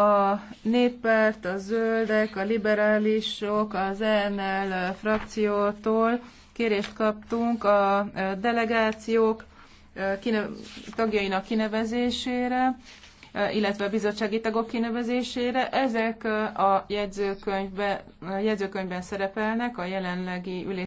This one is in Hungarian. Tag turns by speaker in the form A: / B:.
A: a néppárt, a zöldek, a liberálisok, az ENL frakciótól kérést kaptunk a delegációk tagjainak kinevezésére, illetve a bizottsági tagok kinevezésére. Ezek a jegyzőkönyvben, a jegyzőkönyvben szerepelnek
B: a jelenlegi ülés.